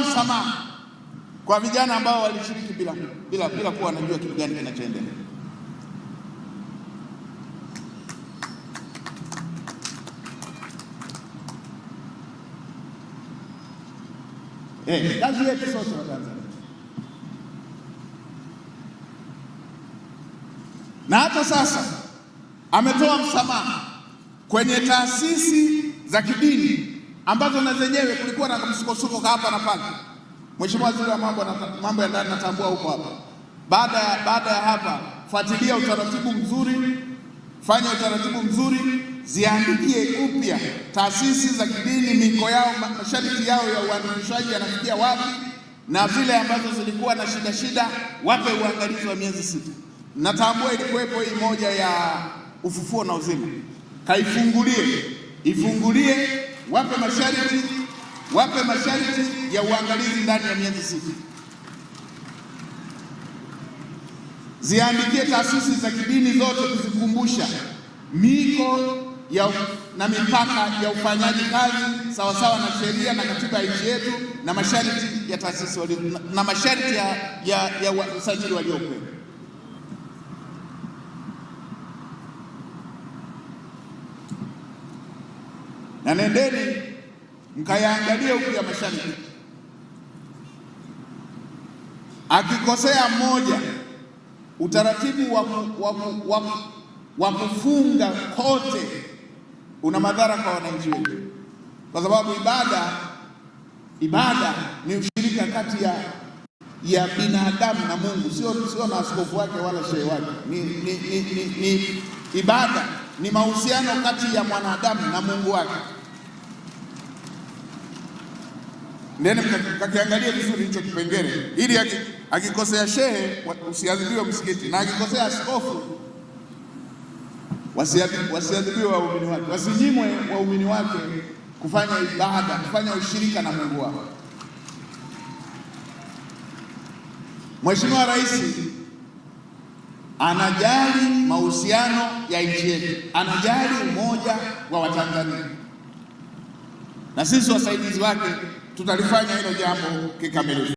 Msamaha kwa vijana ambao walishiriki bila, bila, bila kuwa wanajua kitu gani kinachoendelea. Hey, eh, kazi yetu sote Watanzania na hata sasa ametoa msamaha kwenye taasisi za kidini ambazo na zenyewe kulikuwa na msukosuko hapa na pale. Mheshimiwa Waziri wa mambo, mambo ya ndani natambua huko hapa. Baada ya baada ya hapa, fuatilia utaratibu mzuri, fanya utaratibu mzuri, ziandikie upya taasisi za kidini miko yao, masharti yao ya uandikishaji yanafikia wapi, na vile ambazo zilikuwa na shida shida wape uangalizi wa miezi sita. Natambua ilikuwepo hii moja ya ufufuo na uzima, kaifungulie ifungulie wape masharti, wape masharti ya uangalizi ndani ya miezi sita, ziandikie taasisi za kidini zote kuzikumbusha miko ya na mipaka ya ufanyaji kazi sawasawa na sheria na katiba ya nchi yetu na masharti ya taasisi na masharti ya, ya, ya usajili waliopewa. na nendeni mkayaangalia huku ya mashariki. Akikosea mmoja, utaratibu wa, wa, wa, wa kufunga kote una madhara kwa wananchi wetu, kwa sababu ibada ibada ni ushirika kati ya ya binadamu na Mungu, sio sio na askofu wake wala shehe wake. Ni, ni, ni, ni, ni ibada ni mahusiano kati ya mwanadamu na Mungu wake. nene mkakiangalia vizuri hicho kipengele, ili akikosea shehe usiadhibiwe msikiti, na akikosea askofu wasiadhibiwe waumini wake, wasinyimwe waumini wake kufanya ibada, kufanya ushirika na Mungu wao. Mheshimiwa Rais anajali mahusiano ya nchi yetu, anajali umoja wa Watanzania na sisi wasaidizi wake tutalifanya hilo jambo kikamilifu.